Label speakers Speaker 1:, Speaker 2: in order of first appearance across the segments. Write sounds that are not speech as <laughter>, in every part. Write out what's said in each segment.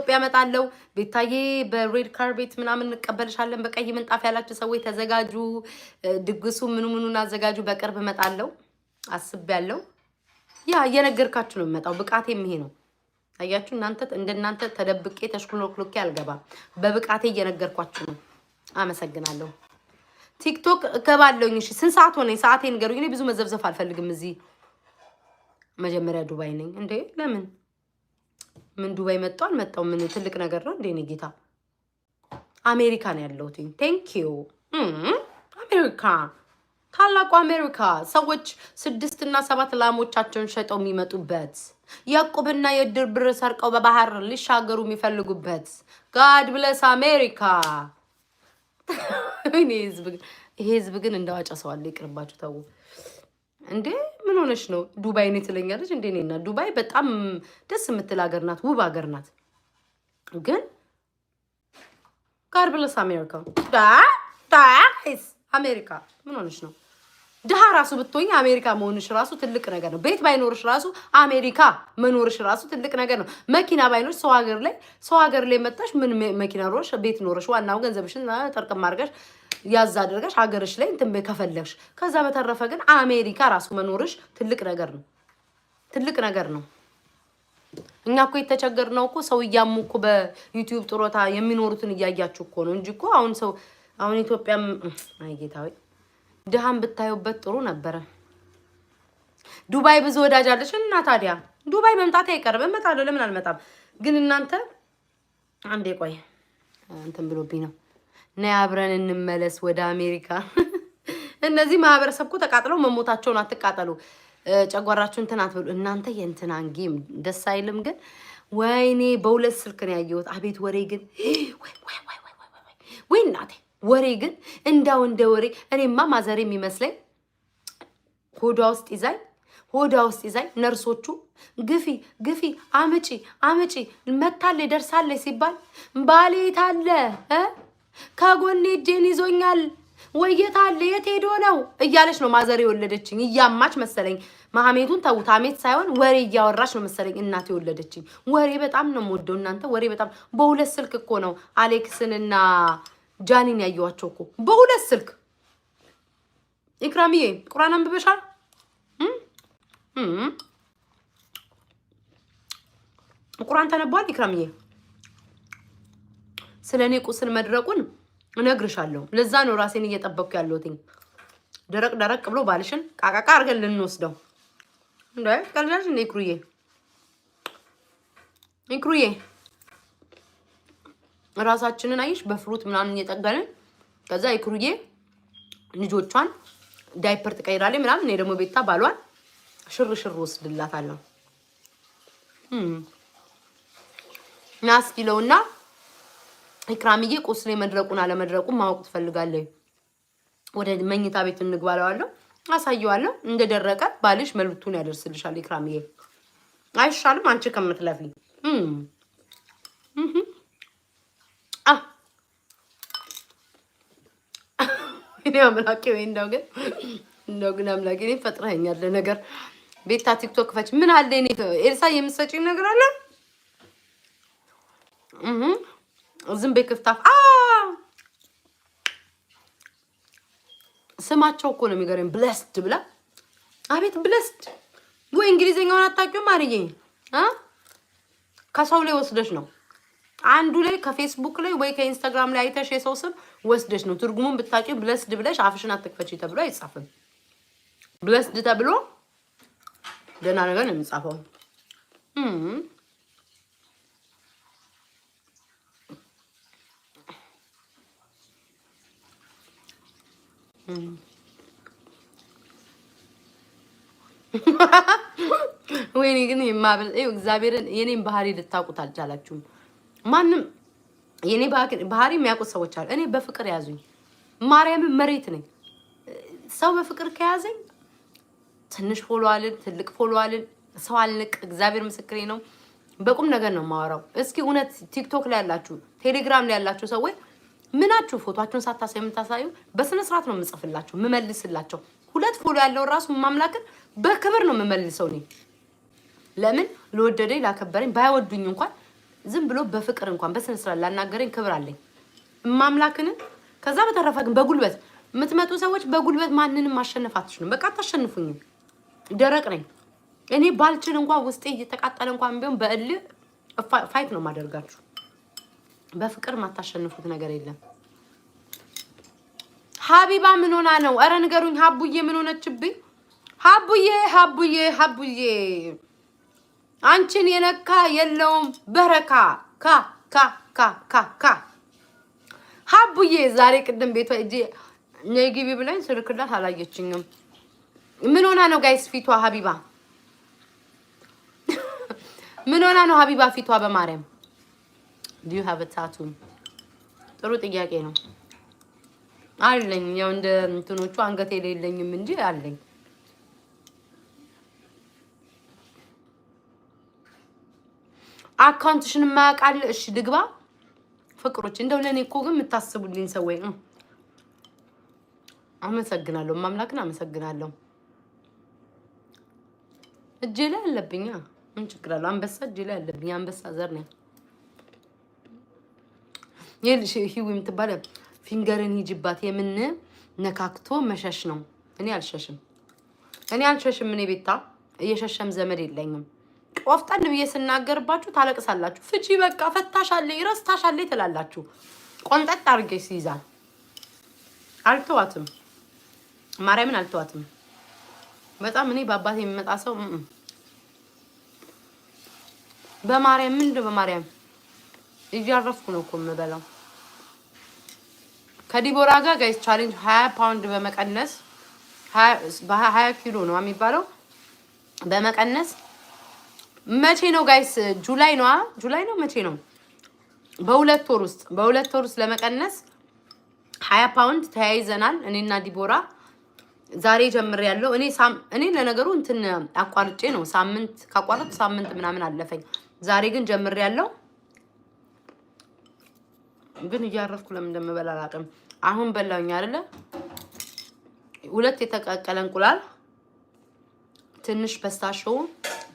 Speaker 1: ኢትዮጵያ እመጣለሁ። ቤታዬ በሬድ ካርቤት ምናምን እንቀበልሻለን። በቀይ ምንጣፍ ያላችሁ ሰዎች ተዘጋጁ። ድግሱ ምኑ ምኑን አዘጋጁ። በቅርብ እመጣለሁ አስቤያለሁ። ያ እየነገርካችሁ ነው የምመጣው። ብቃቴ ይሄ ነው። አያችሁ፣ እናንተ እንደናንተ ተደብቄ ተሽኩሎክሎኬ አልገባም። በብቃቴ እየነገርኳችሁ ነው። አመሰግናለሁ። ቲክቶክ እከባለሁኝ። እሺ፣ ስንት ሰዓት ሆነኝ? ሰዓቴ ንገሩኝ። እኔ ብዙ መዘብዘፍ አልፈልግም። እዚህ መጀመሪያ ዱባይ ነኝ እንዴ? ለምን ምን ዱባይ መጣሁ አልመጣው ምን ትልቅ ነገር ነው እንዴ? እኔ ጌታ አሜሪካ ነው ያለሁት። ቴንክ ዩ አሜሪካ፣ ታላቁ አሜሪካ። ሰዎች ስድስት እና ሰባት ላሞቻቸውን ሸጠው የሚመጡበት ያዕቆብና የእድር ብር ሰርቀው በባህር ሊሻገሩ የሚፈልጉበት ጋድ ብለስ አሜሪካ። ይሄ ህዝብ ግን እንደዋጫ ሰዋለ። ይቅርባችሁ ተው እንዴ! ምን ሆነች ነው ዱባይ እኔ ትለኛለች እንዴ? እኔና ዱባይ በጣም ደስ የምትል ሀገር ናት፣ ውብ ሀገር ናት። ግን ጋር ብለስ አሜሪካ አሜሪካ ምን ሆነች ነው? ድሃ ራሱ ብትሆኝ አሜሪካ መሆንሽ ራሱ ትልቅ ነገር ነው። ቤት ባይኖርሽ ራሱ አሜሪካ መኖርሽ ራሱ ትልቅ ነገር ነው። መኪና ባይኖርሽ ሰው ሀገር ላይ ሰው ሀገር ላይ መጣሽ ምን መኪና ኖርሽ ቤት ኖረሽ፣ ዋናው ገንዘብሽን ጠርቅም አድርገሽ ያዝ አድርገሽ ሀገርሽ ላይ እንትን ከፈለግሽ። ከዛ በተረፈ ግን አሜሪካ ራሱ መኖርሽ ትልቅ ነገር ነው፣ ትልቅ ነገር ነው። እኛ እኮ የተቸገርነው እኮ ሰው እያሙ እኮ በዩቲዩብ ጥሮታ የሚኖሩትን እያያችሁ እኮ ነው እንጂ እኮ አሁን ሰው አሁን ኢትዮጵያም አይ ወይ ድሃም ብታዩበት ጥሩ ነበረ። ዱባይ ብዙ ወዳጅ እና ታዲያ ዱባይ መምጣት አይቀርም። እመጣለሁ፣ ለምን አልመጣም? ግን እናንተ አንዴ ቆይ እንትን ብሎብኝ ነው ና አብረን እንመለስ ወደ አሜሪካ። <laughs> እነዚህ ማህበረሰብ እኮ ተቃጥለው መሞታቸውን አትቃጠሉ፣ ጨጓራችሁ እንትን አትበሉ። እናንተ የእንትናን ጌም ደስ አይልም ግን። ወይኔ በሁለት ስልክ ነው ያየሁት። አቤት ወሬ ግን <gasps> ወይ እናቴ ወሬ ግን እንዳው እንደ ወሬ እኔማ ማዘሬ የሚመስለኝ ሆዷ ውስጥ ይዛኝ ሆዳ ውስጥ ይዛኝ ነርሶቹ ግፊ ግፊ አምጪ አምጪ መታለ ደርሳለ ሲባል ባሌ ከጎኔ እጄን ይዞኛል ወይ የት አለ የት ሄዶ ነው እያለች ነው ማዘር የወለደችኝ። እያማች መሰለኝ ማሜቱን ተውት፣ አሜት ሳይሆን ወሬ እያወራች ነው መሰለኝ እናት የወለደችኝ። ወሬ በጣም ነው የምወደው እናንተ ወሬ በጣም በሁለት ስልክ እኮ ነው አሌክስንና ጃኒን ያየዋቸው እኮ በሁለት ስልክ። ኢክራምዬ ቁርአን አንብበሻል? ቁርአን ተነቧል ኢክራምዬ? ስለ እኔ ቁስል መድረቁን እነግርሻለሁ። ለዛ ነው ራሴን እየጠበቅኩ ያለሁትኝ። ደረቅ ደረቅ ብሎ ባልሽን ቃቃቃ አድርገን ልንወስደው እንደ ቀልዳሽ እንደ ኢክሩዬ ኢክሩዬ ራሳችንን አይሽ በፍሩት ምናምን እየጠገንን ከዛ ኢክሩዬ ልጆቿን ዳይፐር ትቀይራለች ምናምን። እኔ ደግሞ ቤታ ባሏን ሽር ሽር ወስድላታለሁ ናስኪለውና ኢክራምዬ ቁስሌ መድረቁን አለመድረቁን ማወቅ ትፈልጋለሁ። ወደ መኝታ ቤት እንግባለዋለሁ፣ አሳየዋለሁ። እንደደረቀ ባልሽ መልቱን ያደርስልሻል። ኢክራምዬ አይሻልም? አንቺ ከምትለፊ እኔ አምላኬ ወይ እንደው ግን እንደው ግን አምላኬ እኔ ፈጥረኸኛል ነገር ቤታ ቲክቶክ ፈች ምን አለ እኔ ኤልሳ የምትሰጪኝ ነገር አለ ዝም ክፍታፍ ስማቸው እኮ ነው የሚገርም። ብለስድ ብላ አቤት ብለስድ ወይ እንግሊዝኛውን አታውቂውም? አርዬ ከሰው ላይ ወስደሽ ነው አንዱ ላይ ከፌስቡክ ላይ ወይ ከኢንስታግራም ላይ አይተሽ የሰው ስም ወስደሽ ነው ትርጉሙን ብታውቂው ብለስድ ብለሽ አፍሽን አትክፈች ተብሎ አይጻፍም። ብለስድ ተብሎ ደህና ነገር ነው የሚጻፈው። <laughs> ወይኔ ግን የማበል እግዚአብሔርን የኔን ባህሪ ልታውቁት አልቻላችሁም። ማንም የኔ ባህሪ የሚያውቁት ሰዎች አሉ። እኔ በፍቅር ያዙኝ፣ ማርያምን መሬት ነኝ። ሰው በፍቅር ከያዘኝ ትንሽ ፎሎዋልን ትልቅ ፎሎዋልን ሰው አልንቅ። እግዚአብሔር ምስክሬ ነው። በቁም ነገር ነው የማወራው። እስኪ እውነት ቲክቶክ ላይ ያላችሁ፣ ቴሌግራም ላይ ያላችሁ ሰዎች ምናችሁ ፎቶችሁን ሳታሳዩ የምታሳዩ በስነ ስርዓት ነው የምጽፍላችሁ የምመልስላቸው። ሁለት ፎሎ ያለው ራሱ ማምላክን በክብር ነው የምመልሰው እኔ። ለምን ለወደደኝ ላከበረኝ፣ ባይወዱኝ እንኳን ዝም ብሎ በፍቅር እንኳን በስነ ስርዓት ላናገረኝ ክብር አለኝ ማምላክን። ከዛ በተረፈ ግን በጉልበት የምትመጡ ሰዎች በጉልበት ማንንም ማሸነፍ አትችሉም። በቃ አታሸንፉኝም። ደረቅ ነኝ እኔ ባልችል እንኳን ውስጤ እየተቃጠለ እንኳን ቢሆን በእልህ ፋይት ነው የማደርጋችሁ። በፍቅር የማታሸንፉት ነገር የለም። ሀቢባ ምን ሆና ነው? አረ ንገሩኝ። ሀቡዬ ምን ሆነችብኝ? ሀቡዬ ሀቡዬ ሀቡዬ አንቺን የነካ የለውም በረካ ካ ካ ካ ካ ካ ሀቡዬ ዛሬ ቅድም ቤቷ እጂ ነይ ግቢ ብላኝ ስልክላት አላየችኝም። ምን ሆና ነው ጋይስ ፊቷ? ሀቢባ <laughs> ምን ሆና ነው ሀቢባ ፊቷ? በማርያም ዱ ዩ ሃቭ ታቱ? ጥሩ ጥያቄ ነው። አለኝ ያው እንደ እንትኖቹ አንገቴ ላይ እንጂ አለኝ። አካውንትሽን የማያውቃል። እሺ ልግባ። ፍቅሮች እንደው ለእኔ እኮ ግን የምታስቡልኝ ሰዎች አመሰግናለሁ። ማምላክን አመሰግናለሁ። እጄ ላይ አለብኛ ምን ችግር አለው? አንበሳ እጄ ላይ አለብኝ። አንበሳ ዘር ነኝ። ይልሽ ሂዊ የምትባለ ፊንገርን ሂጅባት የምን ነካክቶ መሸሽ ነው። እኔ አልሸሽም፣ እኔ አልሸሽም። እኔ ቤታ እየሸሸም ዘመድ የለኝም። ቆፍጠን ብዬ ስናገርባችሁ ታለቅሳላችሁ። ፍቺ በቃ ፈታሻለኝ፣ ረስታሻለኝ ትላላችሁ። ቆንጠጥ አድርጌ ሲይዛል አልተዋትም፣ ማርያምን አልተዋትም። በጣም እኔ በአባት የሚመጣ ሰው በማርያም ምንድን በማርያም እያረፍኩ ነው እኮ የምበላው። ከዲቦራ ጋር ጋይስ ቻሌንጅ ሀያ ፓውንድ በመቀነስ ሀያ ኪሎ ነው የሚባለው በመቀነስ መቼ ነው ጋይስ? ጁላይ ነው ጁላይ ነው መቼ ነው? በሁለት ወር ውስጥ በሁለት ወር ውስጥ ለመቀነስ ሀያ ፓውንድ ተያይዘናል እኔና ዲቦራ ዛሬ ጀምር ያለው እኔ እኔ ለነገሩ እንትን አቋርጬ ነው ሳምንት ካቋረጥ ሳምንት ምናምን አለፈኝ። ዛሬ ግን ጀምር ያለው ግን እያረፍኩ ለምን እንደምበላ አላውቅም። አሁን በላውኝ አይደለ? ሁለት የተቀቀለ እንቁላል፣ ትንሽ በስታሾ፣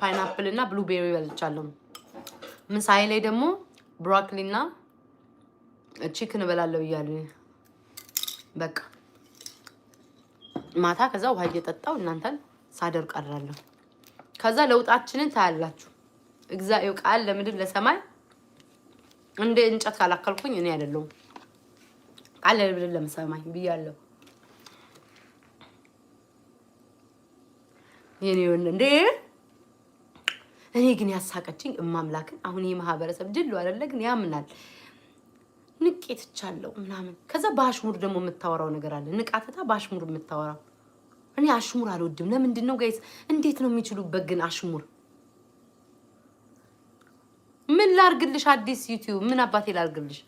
Speaker 1: ፓይናፕል እና ብሉቤሪ በልቻለሁ። ምሳይ ላይ ደግሞ ብሮኮሊ እና ቺክን እበላለሁ እያሉ በቃ ማታ ከዛ ውሃ እየጠጣው እናንተን ሳደር ቀራለሁ። ከዛ ለውጣችንን ታያላችሁ። እግዚአብሔር ቃል ለምድር ለሰማይ እንደ እንጨት ካላከልኩኝ እኔ አይደለሁም ቃል ለብለም ሰማኝ ብያለሁ። የኔ ወንድ እንዴ! እኔ ግን ያሳቀችኝ እማምላክን አሁን ይህ ማህበረሰብ ድሉ አይደለ ግን ያምናል ንቄትቻለሁ ምናምን። ከዛ በአሽሙር ደግሞ የምታወራው ነገር አለ ንቃተታ በአሽሙር የምታወራው እኔ አሽሙር አልወድም። ለምንድን ነው ጋይስ? እንዴት ነው የሚችሉበት ግን አሽሙር ምን ላርግልሽ? አዲስ ዩቲዩብ ምን አባቴ ላርግልሽ?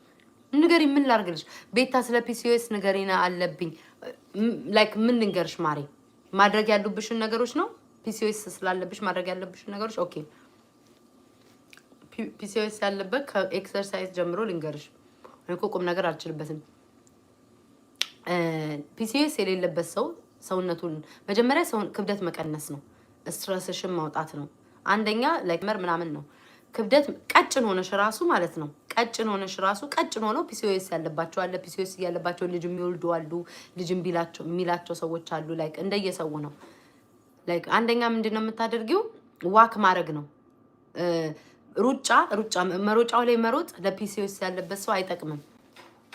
Speaker 1: ንገሪ፣ ምን ላርግልሽ? ቤታ ስለ ፒሲዮስ ንገሪና አለብኝ። ላይክ ምን ልንገርሽ ማሬ? ማድረግ ያሉብሽን ነገሮች ነው። ፒሲዮስ ስላለብሽ ማድረግ ያለብሽን ነገሮች ኦኬ። ፒሲዮስ ያለበት ከኤክሰርሳይዝ ጀምሮ ልንገርሽ። እኮ ቁም ነገር አልችልበትም። ፒሲዮስ የሌለበት ሰው ሰውነቱን መጀመሪያ ሰውን ክብደት መቀነስ ነው፣ ስትረስሽን ማውጣት ነው። አንደኛ ላይክ መር ምናምን ነው ክብደት ቀጭን ሆነሽ ራሱ ማለት ነው። ቀጭን ሆነሽ ራሱ ቀጭን ሆነው ፒሲኦኤስ ያለባቸው አለ ፒሲኦኤስ ያለባቸው ልጅ የሚወልዱ አሉ። ልጅ የሚላቸው ሰዎች አሉ። ላይክ እንደየሰው ነው። ላይክ አንደኛ ምንድን ነው የምታደርጊው ዋክ ማድረግ ነው። ሩጫ ሩጫ መሮጫው ላይ መሮጥ ለፒሲኦኤስ ያለበት ሰው አይጠቅምም።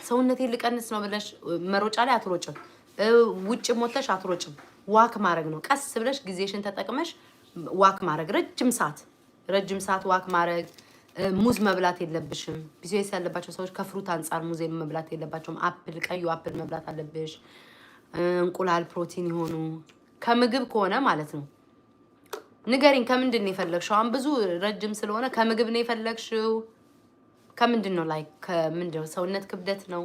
Speaker 1: ሰውነቴን ልቀንስ ነው ብለሽ መሮጫ ላይ አትሮጭም። ውጭ ሞተሽ አትሮጭም። ዋክ ማድረግ ነው። ቀስ ብለሽ ጊዜሽን ተጠቅመሽ ዋክ ማድረግ ረጅም ሰዓት ረጅም ሰዓት ዋክ ማድረግ፣ ሙዝ መብላት የለብሽም። ፒሲኦኤስ ያለባቸው ሰዎች ከፍሩት አንጻር ሙዝ መብላት የለባቸውም። አፕል፣ ቀዩ አፕል መብላት አለብሽ። እንቁላል፣ ፕሮቲን የሆኑ ከምግብ ከሆነ ማለት ነው። ንገሪኝ፣ ከምንድን ነው የፈለግሽው? አሁን ብዙ ረጅም ስለሆነ ከምግብ ነው የፈለግሽው? ከምንድን ነው ላይ ከምንድን ነው? ሰውነት ክብደት ነው።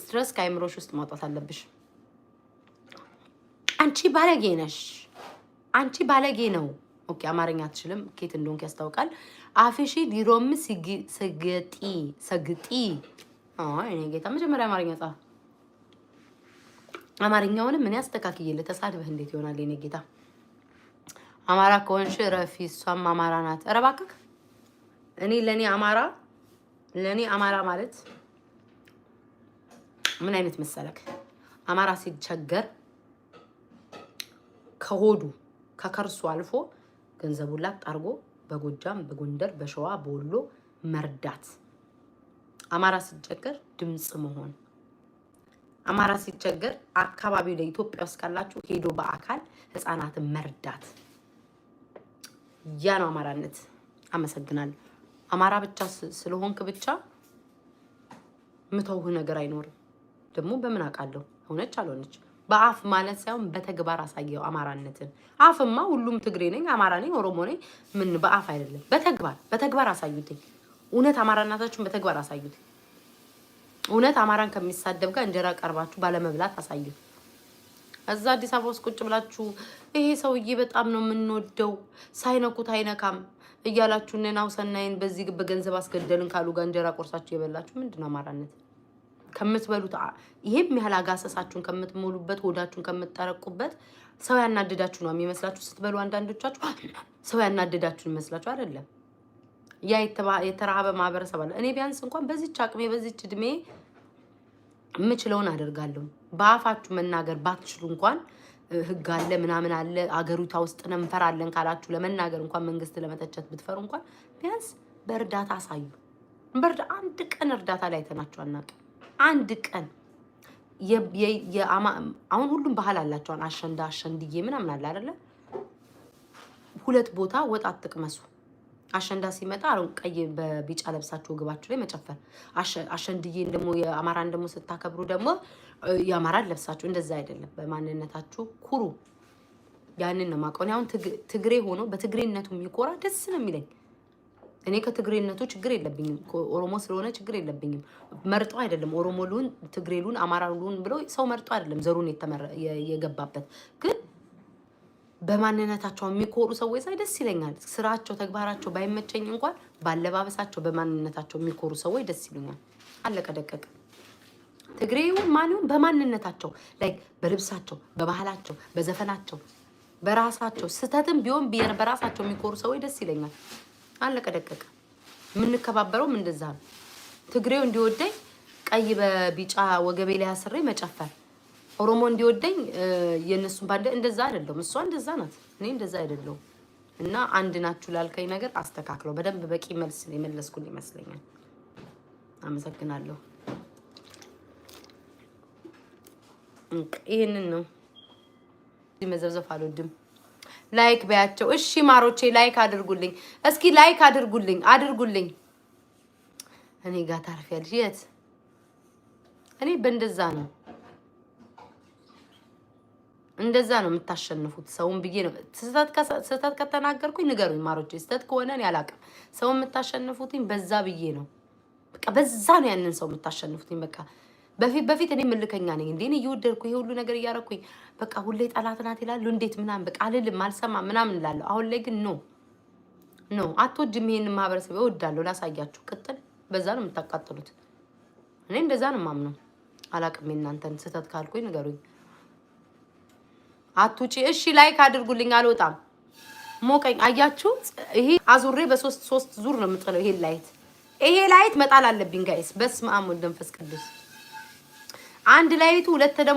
Speaker 1: ስትረስ ከአይምሮሽ ውስጥ ማውጣት አለብሽ። አንቺ ባለጌ ነሽ። አንቺ ባለጌ ነው። ኦኬ፣ አማርኛ አትችልም። ኬት እንደሆንክ ያስታውቃል። አፍሺ ዲሮም ስግጢ ሰግጢ። እኔ ጌታ መጀመሪያ አማርኛ ጻፍ። አማርኛውንም ምን ያስተካክየለ ተሳድበህ እንዴት ይሆናል? የኔ ጌታ አማራ ከሆንሽ ረፊ፣ እሷም አማራ ናት። ኧረ እባክህ እኔ ለእኔ አማራ ለእኔ አማራ ማለት ምን አይነት መሰለክ አማራ ሲቸገር ከሆዱ ከከርሱ አልፎ ገንዘቡን ላት አድርጎ በጎጃም፣ በጎንደር፣ በሸዋ፣ በወሎ መርዳት፣ አማራ ሲቸገር ድምፅ መሆን፣ አማራ ሲቸገር አካባቢው ለኢትዮጵያ ውስጥ ካላችሁ ሄዶ በአካል ህፃናትን መርዳት፣ ያ ነው አማራነት። አመሰግናለሁ። አማራ ብቻ ስለሆንክ ብቻ ምተውህ ነገር አይኖርም። ደግሞ በምን አውቃለሁ ሆነች አልሆነች በአፍ ማለት ሳይሆን በተግባር አሳየው አማራነትን። አፍማ ሁሉም ትግሬ ነኝ፣ አማራ ነኝ፣ ኦሮሞ ነኝ ምን በአፍ አይደለም፣ በተግባር በተግባር አሳዩትኝ። እውነት አማራናታችሁን በተግባር አሳዩት። እውነት አማራን ከሚሳደብ ጋር እንጀራ ቀርባችሁ ባለመብላት አሳዩት። እዛ አዲስ አበባ ውስጥ ቁጭ ብላችሁ ይሄ ሰውዬ በጣም ነው የምንወደው ሳይነኩት አይነካም እያላችሁ ነን አውሰናይን በዚህ በገንዘብ አስገደልን ካሉ ጋር እንጀራ ቆርሳችሁ የበላችሁ ምንድን ነው አማራነት? ከምትበሉት ይሄም ያህል አጋሰሳችሁን ከምትሞሉበት ሆዳችሁን ከምትጠረቁበት ሰው ያናደዳችሁ ነው የሚመስላችሁ ስትበሉ። አንዳንዶቻችሁ ሰው ያናደዳችሁ ይመስላችሁ አይደለም። ያ የተራሃበ ማህበረሰብ አለ። እኔ ቢያንስ እንኳን በዚች አቅሜ በዚች እድሜ የምችለውን አደርጋለሁ። በአፋችሁ መናገር ባትችሉ እንኳን ህግ አለ ምናምን አለ አገሪቷ ውስጥ ነው እንፈራለን ካላችሁ ለመናገር እንኳን መንግስት ለመተቸት ብትፈሩ እንኳን ቢያንስ በእርዳታ አሳዩ። በእርዳ አንድ ቀን እርዳታ ላይ አይተናችሁ አናውቅም። አንድ ቀን አሁን ሁሉም ባህል አላቸዋል። አሸንዳ አሸንድዬ ምናምን አለ አይደለ? ሁለት ቦታ ወጣ አትቅመሱ። አሸንዳ ሲመጣ ቀይ በቢጫ ለብሳችሁ ወገባችሁ ላይ መጨፈር፣ አሸንድዬን ደግሞ የአማራን ደግሞ ስታከብሩ ደግሞ የአማራን ለብሳችሁ። እንደዛ አይደለም። በማንነታችሁ ኩሩ። ያንን ነው ማቀኔ። አሁን ትግሬ ሆኖ በትግሬነቱ የሚኮራ ደስ ነው የሚለኝ። እኔ ከትግሬነቱ ችግር የለብኝም። ኦሮሞ ስለሆነ ችግር የለብኝም። መርጦ አይደለም ኦሮሞ ልሁን፣ ትግሬ ልሁን፣ አማራ ልሁን ብሎ ሰው መርጦ አይደለም ዘሩን የገባበት። ግን በማንነታቸው የሚኮሩ ሰዎች ሳይ ደስ ይለኛል። ስራቸው፣ ተግባራቸው ባይመቸኝ እንኳን ባለባበሳቸው፣ በማንነታቸው የሚኮሩ ሰዎች ደስ ይሉኛል። አለቀ ደቀቀ። ትግሬ ይሁን ማን ይሁን በማንነታቸው ላይ በልብሳቸው፣ በባህላቸው፣ በዘፈናቸው፣ በራሳቸው ስህተትም ቢሆን በራሳቸው የሚኮሩ ሰዎች ደስ ይለኛል። አለቀ ደቀቀ። የምንከባበረውም እንደዛ ነው። ትግሬው እንዲወደኝ ቀይ በቢጫ ወገቤ ላይ አስሬ መጨፈር፣ ኦሮሞ እንዲወደኝ የእነሱን ባንደ እንደዛ አይደለሁም። እሷ እንደዛ ናት፣ እኔ እንደዛ አይደለሁም። እና አንድ ናችሁ ላልከኝ ነገር አስተካክለው በደንብ በቂ መልስ የመለስኩን ይመስለኛል። አመሰግናለሁ። ይህንን ነው መዘብዘፍ አልወድም። ላይክ በያቸው። እሺ ማሮቼ ላይክ አድርጉልኝ። እስኪ ላይክ አድርጉልኝ አድርጉልኝ። እኔ ጋር ታርፊያለሽ። የት እኔ በእንደዛ ነው እንደዛ ነው የምታሸንፉት። ሰውን ብዬ ነው ስህተት ከተናገርኩኝ ንገሩኝ ማሮቼ። ስህተት ከሆነ እኔ አላውቅም። ሰውን የምታሸንፉትኝ በዛ ብዬ ነው። በቃ በዛ ነው ያንን ሰው የምታሸንፉትኝ በቃ በፊት በፊት እኔ ምልከኛ ነኝ እንዴ እየወደድኩ ይሄ ሁሉ ነገር እያረኩኝ በቃ ሁሌ ጠላት ናት ይላሉ እንዴት ምናምን በቃ አልልም አልሰማ ምናምን እላለሁ። አሁን ላይ ግን ኖ ኖ አትወጂም ይሄንን ማህበረሰብ እወዳለሁ ላሳያችሁ። ቅጥል በዛ ነው የምታቃጥሉት። እኔ እንደዛ ነው ማምነው። አላቅም እናንተን ስህተት ካልኩኝ ንገሩኝ። አትውጪ እሺ፣ ላይክ አድርጉልኝ። አልወጣም ሞቀኝ። አያችሁ፣ ይሄ አዙሬ በሶስት ሶስት ዙር ነው የምጥለው። ይሄን ላይት ይሄ ላይት መጣል አለብኝ ጋይስ። በስመ አብ ወወልድ ወመንፈስ ቅዱስ አንድ ላይ ሁለት ደግሞ